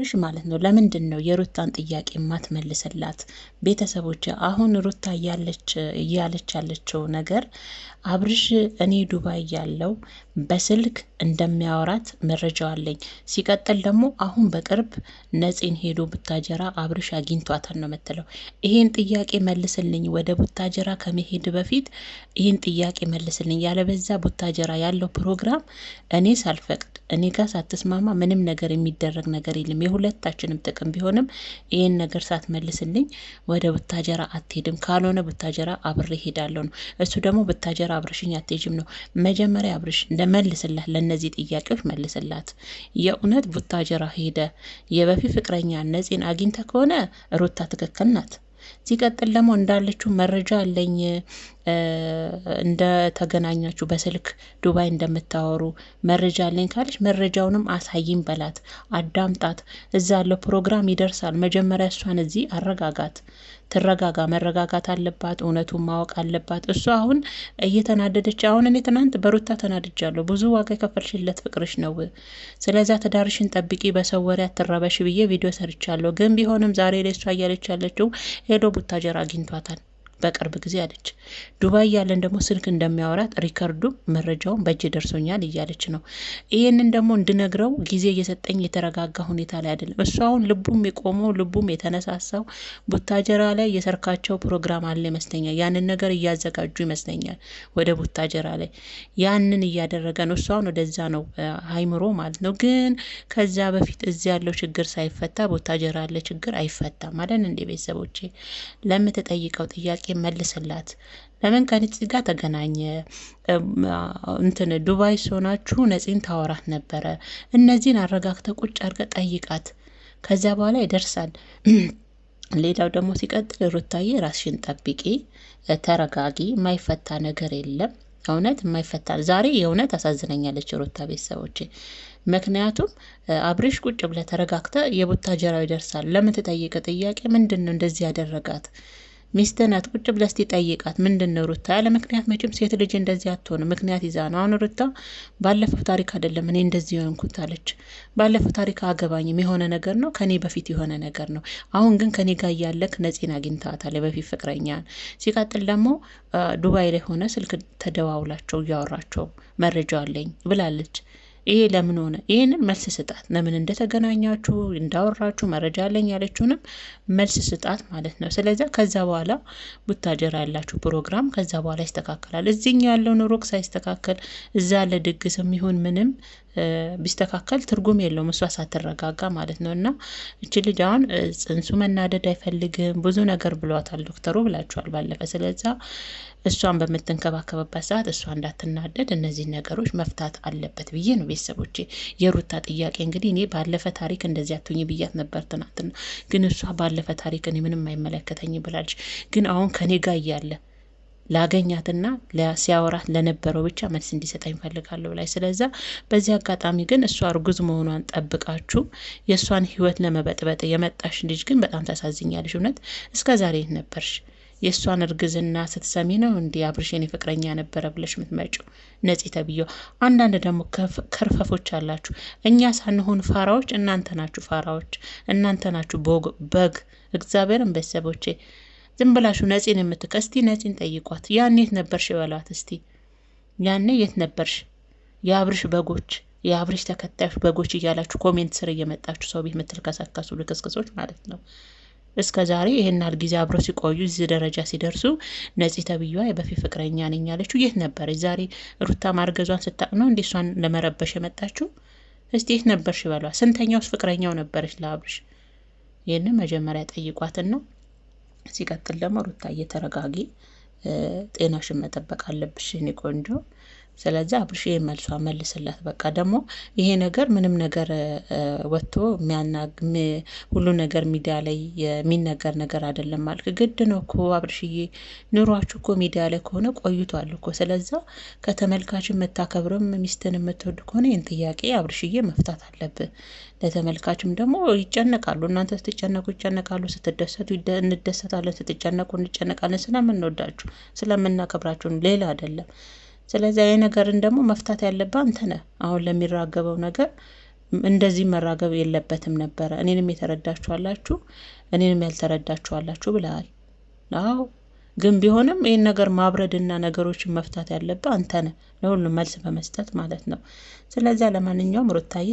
ልሽ ማለት ነው። ለምንድን ነው የሩታን ጥያቄ ማትመልስላት? ቤተሰቦች አሁን ሩታ እያለች ያለችው ነገር አብርሽ እኔ ዱባይ ያለው በስልክ እንደሚያወራት መረጃው አለኝ። ሲቀጥል ደግሞ አሁን በቅርብ ነፂን ሄዶ ቡታጀራ አብርሽ አግኝቷታል ነው የምትለው። ይሄን ጥያቄ መልስልኝ፣ ወደ ቡታጀራ ከመሄድ በፊት ይህን ጥያቄ መልስልኝ፣ ያለበዛ ቡታጀራ ያለው ፕሮግራም እኔ ሳልፈቅድ እኔ ጋር ሳትስማማ ምንም ነገር የሚደረግ ነገር የለም። የሁለታችንም ጥቅም ቢሆንም ይህን ነገር ሳትመልስልኝ ወደ ብታጀራ አትሄድም፣ ካልሆነ ብታጀራ አብሬ ሄዳለሁ ነው። እሱ ደግሞ ብታጀራ አብርሽኝ አትሄጅም ነው። መጀመሪያ አብረሽ እንደመልስላት ለእነዚህ ጥያቄዎች መልስላት። የእውነት ብታጀራ ሄደ የበፊት ፍቅረኛ ነፂን አግኝተ ከሆነ ሩታ ትክክል ናት። ሲቀጥል ደግሞ እንዳለችው መረጃ አለኝ ተገናኛችሁ በስልክ ዱባይ እንደምታወሩ መረጃ አለኝ ካለች መረጃውንም አሳይም በላት፣ አዳምጣት። እዛ ያለው ፕሮግራም ይደርሳል። መጀመሪያ እሷን እዚህ አረጋጋት። ትረጋጋ፣ መረጋጋት አለባት፣ እውነቱን ማወቅ አለባት። እሱ አሁን እየተናደደች አሁን እኔ ትናንት በሩታ ተናድጃለሁ። ብዙ ዋጋ የከፈልሽለት ፍቅርሽ ነው። ስለዛ ትዳርሽን ጠብቂ፣ በሰው ወሬ አትረበሽ ብዬ ቪዲዮ ሰርቻለሁ። ግን ቢሆንም ዛሬ ላይ እሷ እያለች ያለችው ሄዶ ቡታጀር አግኝቷታል። በቅርብ ጊዜ አለች። ዱባይ ያለን ደግሞ ስልክ እንደሚያወራት ሪከርዱ መረጃውን በእጅ ደርሶኛል እያለች ነው። ይህንን ደግሞ እንድነግረው ጊዜ እየሰጠኝ የተረጋጋ ሁኔታ ላይ አይደለም። እሱ አሁን ልቡም የቆመው ልቡም የተነሳሳው ቡታጀራ ላይ የሰርካቸው ፕሮግራም አለ ይመስለኛል። ያንን ነገር እያዘጋጁ ይመስለኛል ወደ ቡታጀራ ላይ ያንን እያደረገ ነው። እሱ አሁን ወደዛ ነው ሀይምሮ ማለት ነው። ግን ከዛ በፊት እዚ ያለው ችግር ሳይፈታ ቡታጀራ ያለ ችግር አይፈታም አለን እንደ ቤተሰቦቼ ለምትጠይቀው ጥያቄ መልስላት። ለምን ከነፂ ጋር ተገናኘ? እንትን ዱባይ ሲሆናችሁ ነፂን ታወራት ነበረ። እነዚህን አረጋግተ ቁጭ አርገ ጠይቃት። ከዚያ በኋላ ይደርሳል። ሌላው ደግሞ ሲቀጥል ሩታዬ ራስሽን ጠብቂ፣ ተረጋጊ። የማይፈታ ነገር የለም። እውነት የማይፈታ ዛሬ የእውነት አሳዝነኛለች ሩታ ቤተሰቦቼ። ምክንያቱም አብሬሽ ቁጭ ብለ ተረጋግተ የቦታ ጀራው ይደርሳል። ለምን ትጠይቅ ጥያቄ ምንድን ነው እንደዚህ ያደረጋት? ሚስትናት ቁጭ ብላ እስቲ ጠይቃት ምንድን ነው ሩታ ያለ ምክንያት መቼም ሴት ልጅ እንደዚህ አትሆንም። ምክንያት ይዛ ነው። አሁን ሩታ ባለፈው ታሪክ አይደለም እኔ እንደዚህ ሆንኩት አለች። ባለፈው ታሪክ አገባኝም የሆነ ነገር ነው ከኔ በፊት የሆነ ነገር ነው። አሁን ግን ከኔ ጋር እያለክ ነፂን አግኝታታል በፊት ፍቅረኛ። ሲቀጥል ደግሞ ዱባይ ላይ ሆነ ስልክ ተደዋውላቸው እያወራቸው መረጃ አለኝ ብላለች። ይሄ ለምን ሆነ? ይህንን መልስ ስጣት። ለምን እንደተገናኛችሁ እንዳወራችሁ መረጃ አለኝ ያለችውንም መልስ ስጣት ማለት ነው። ስለዚያ ከዛ በኋላ ቡታጀራ ያላችሁ ፕሮግራም ከዛ በኋላ ይስተካከላል። እዚህኛ ያለው ኑሮክ ሳይስተካከል እዛ ድግስ የሚሆን ምንም ቢስተካከል ትርጉም የለውም፣ እሷ ሳትረጋጋ ማለት ነው። እና እች ልጅ አሁን ጽንሱ መናደድ አይፈልግም ብዙ ነገር ብሏታል ዶክተሩ ብላችኋል ባለፈ። ስለዛ እሷን በምትንከባከብበት ሰዓት እሷ እንዳትናደድ እነዚህ ነገሮች መፍታት አለበት ብዬ ነው ቤተሰቦቼ የሩታ ጥያቄ እንግዲህ እኔ ባለፈ ታሪክ እንደዚህ አትሁኝ ብያት ነበር ትናንትና። ግን እሷ ባለፈ ታሪክ እኔ ምንም አይመለከተኝ ብላለች። ግን አሁን ከኔ ጋር እያለ ላገኛትና ሲያወራት ለነበረው ብቻ መልስ እንዲሰጠኝ እፈልጋለሁ ላይ ስለዛ፣ በዚህ አጋጣሚ ግን እሷ እርጉዝ መሆኗን ጠብቃችሁ የእሷን ህይወት ለመበጥበጥ የመጣሽ ልጅ ግን በጣም ታሳዝኛለሽ። እውነት እስከ ዛሬ ነበርሽ የእሷን እርግዝና ስትሰሚ ነው እንዲ አብርሽን የፍቅረኛ ነበረ ብለሽ የምትመጪው ነፂ ተብዮ። አንዳንድ ደግሞ ከርፈፎች አላችሁ። እኛ ሳንሆን ፋራዎች እናንተ ናችሁ፣ ፋራዎች እናንተ ናችሁ በግ። እግዚአብሔርን ቤተሰቦቼ ዝም ብላችሁ ነፂን የምትከ እስቲ ነፂን ጠይቋት። ያኔ የት ነበርሽ ይበሏት እስቲ። ያኔ የት ነበርሽ የአብርሽ በጎች የአብርሽ ተከታዮች በጎች እያላችሁ ኮሜንት ስር እየመጣችሁ ሰው ቤት የምትልከሰከሱ ልክስክሶች ማለት ነው። እስከ ዛሬ ይህን ያህል ጊዜ አብረው ሲቆዩ እዚህ ደረጃ ሲደርሱ ነፂ ተብዬዋ የበፊት ፍቅረኛ ነኝ ያለችው የት ነበረች? ዛሬ ሩታ ማርገዟን ስታቅ ነው እንዴ እሷን ለመረበሽ የመጣችው? እስቲ የት ነበርሽ በሏ። ስንተኛውስ ፍቅረኛው ነበረች ለአብርሽ? ይህን መጀመሪያ ጠይቋትና ሲቀጥል ደግሞ ሩታ እየተረጋጊ ጤናሽን መጠበቅ አለብሽ የኔ ቆንጆ ስለዚህ አብርሽ መልሷ መልስለት። በቃ ደግሞ ይሄ ነገር ምንም ነገር ወጥቶ ሁሉ ነገር ሚዲያ ላይ የሚነገር ነገር አይደለም። ማለት ግድ ነው እኮ አብርሽዬ፣ ኑሯችሁ እኮ ሚዲያ ላይ ከሆነ ቆይቷል እኮ። ስለዛ ከተመልካች የምታከብርም ሚስትን የምትወድ ከሆነ ይህን ጥያቄ አብርሽዬ መፍታት አለብህ። ለተመልካችም ደግሞ ይጨነቃሉ። እናንተ ስትጨነቁ ይጨነቃሉ፣ ስትደሰቱ እንደሰታለን፣ ስትጨነቁ እንጨነቃለን። ስለምንወዳችሁ ስለምናከብራችሁ ሌላ አይደለም። ስለዚህ ይህ ነገርን ደግሞ መፍታት ያለብህ አንተ ነህ። አሁን ለሚራገበው ነገር እንደዚህ መራገብ የለበትም ነበረ። እኔንም የተረዳችኋላችሁ እኔንም ያልተረዳችኋላችሁ ብለሃል። አዎ ግን ቢሆንም ይህን ነገር ማብረድና ነገሮችን መፍታት ያለብህ አንተ ነህ፣ ለሁሉም መልስ በመስጠት ማለት ነው። ስለዚያ ለማንኛውም ሩታዬ